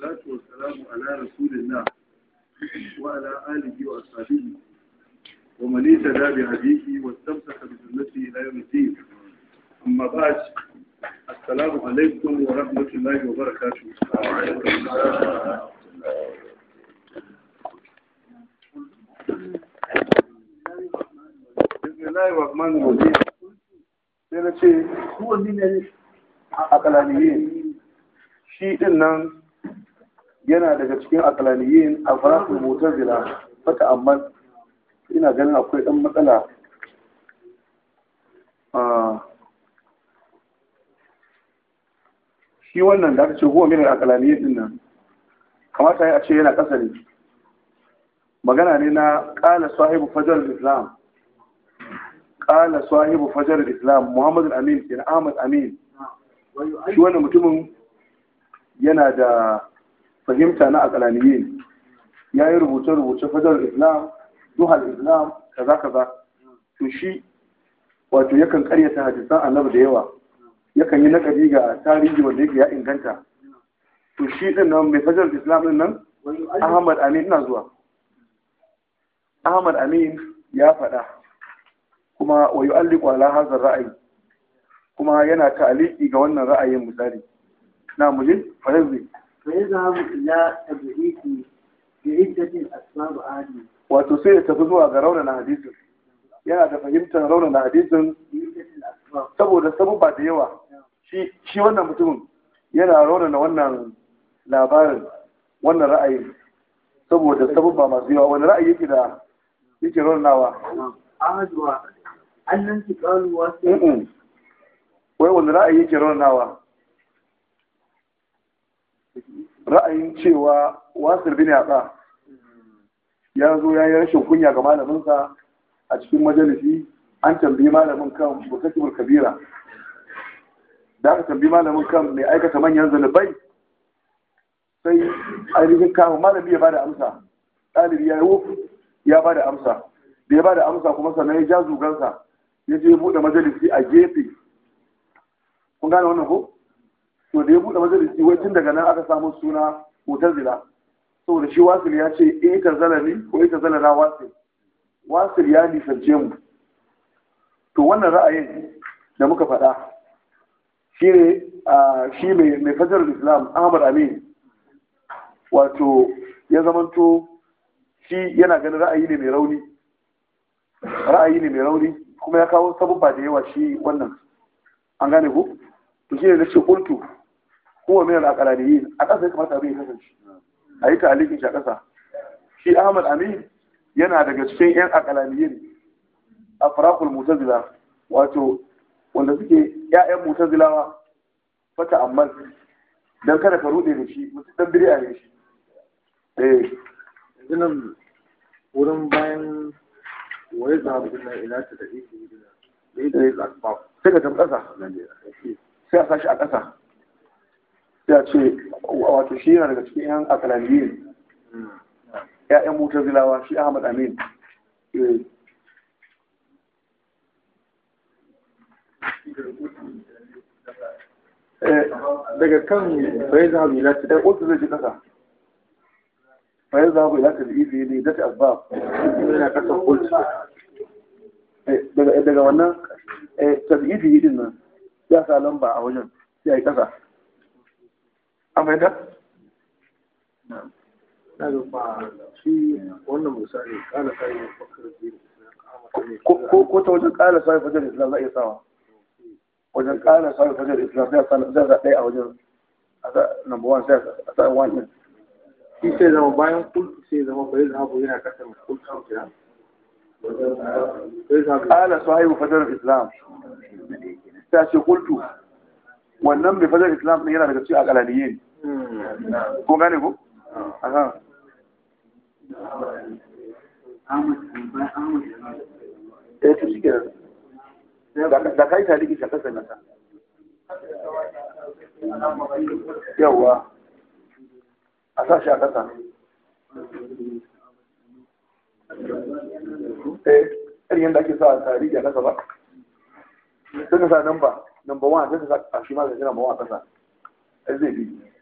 salatu wa salamu ala rasulillah wa ala alihi wa ashabihi wa man ittaba bi hadihi wa istamsaka bi sunnati ila yawm al-din amma ba'd assalamu alaikum wa rahmatullahi wa barakatuh sai na ce ne a shi nan yana daga cikin akalaniyin a farafin motar zila fata amma ina ganin akwai ɗan matsala ah, shi wannan da aka ce huwa minar akalaniyin din nan kamata ya ce yana ƙasa ne magana ne na ƙala sahibu fajar islam ƙala sahibu fajar islam muhammadu amin kenan ahmad amin shi wannan mutumin yana da fahimta na akalaniyin ya yi rubuce-rubuce fajar islam duhal islam kaza kaza to shi wato yakan karyata hadisan annabi da yawa yakan yi nakari ga tarihi wanda yake ya inganta to shi din nan mai fajar islam din nan ahmad amin ina zuwa ahmad amin ya faɗa kuma wa yu'alliqu ala hadha ra'ayi kuma yana ta'aliki ga wannan ra'ayin misali na mujin farazi فيذهب إلى تبعيده بعدة أسباب عادية وتسيء تفضوا غرون حديث yana da fahimtar raunana hadisin saboda ba da yawa shi wannan mutumin yana raunana wannan labarin wannan ra'ayin saboda ba masu yawa wani ra'ayi yake da yake raunanawa wai wani ra'ayi yake raunanawa ra'ayin cewa wasir bin yatsa ya zo ya yi rashin kunya ga malaminsa a cikin majalisi an tambayi malamin kan mutakibul kabira da aka tambayi malamin kan mai aikata manyan zalibai sai ainihin kama malami ya bada amsa ɗalibi ya yi wuf ya bada amsa da ya bada amsa kuma sannan ya ja zugansa ya je buɗe majalisi a gefe kun gane wannan ko to da ya buɗe majalisi wai tun daga nan aka samu suna mutazila saboda shi wasil ya ce in eh, ita ne ko ita na wasil wasil ya nisance mu to wannan ra'ayin da muka faɗa shi ne shi mai fajar islam ahmad amin wato ya zamanto shi yana ganin ra'ayi ne mai rauni ra'ayi ne mai rauni kuma ya kawo sabubba da yawa shi wannan an gane ku to shi ne na ce kultu huwa min da aqraniyin a ƙasa ya kamata abin ya kasance a yi talibin shi a ƙasa shi Ahmad Amin yana daga cikin yan a farakul mutazila wato wanda suke ƴaƴan mutazilawa fata amman dan kada ka rude da shi mutum dan bid'a ne shi eh yanzu nan wurin bayan wai zaɓi na ina ta da ifi da ifi eh. sai ka tafi ƙasa sai a sashi a ƙasa ya ce wato shi yana daga cikin yan akalandiyin ya'yan mutar zilawa shi ahmad amin eh. Eh, daga kan bayan za mu ilata ɗan otu zai ji ƙasa bai za mu ilata da izi ne zai asbab yana ƙasar eh, daga wannan tabi yi din nan ya sa lamba a wajen ya yi ƙasa an fahimta na ga ba shi wannan misali kala sai ya fakar ko ko ta wajen kala sai fajar islam za a iya sawa wajen kala sai fajar islam sai a sa ɗaya a wajen a sa number one sai a sa one din shi sai zama bayan kultu sai zama bai zahabu yana kasar Kala kenan قال صاحب فجر الإسلام ce kultu. wannan mai fajar islam ne yana daga cikin akalaniye ne hmm. ko gane ko ah. aha eh to shi kenan da kai ta diki shakasa nasa yawa a sa shi a kasa eh irin yadda ake sa a tarihi a kasa ba suna sa nan ba number one a is a shima number one a It's ai zai bi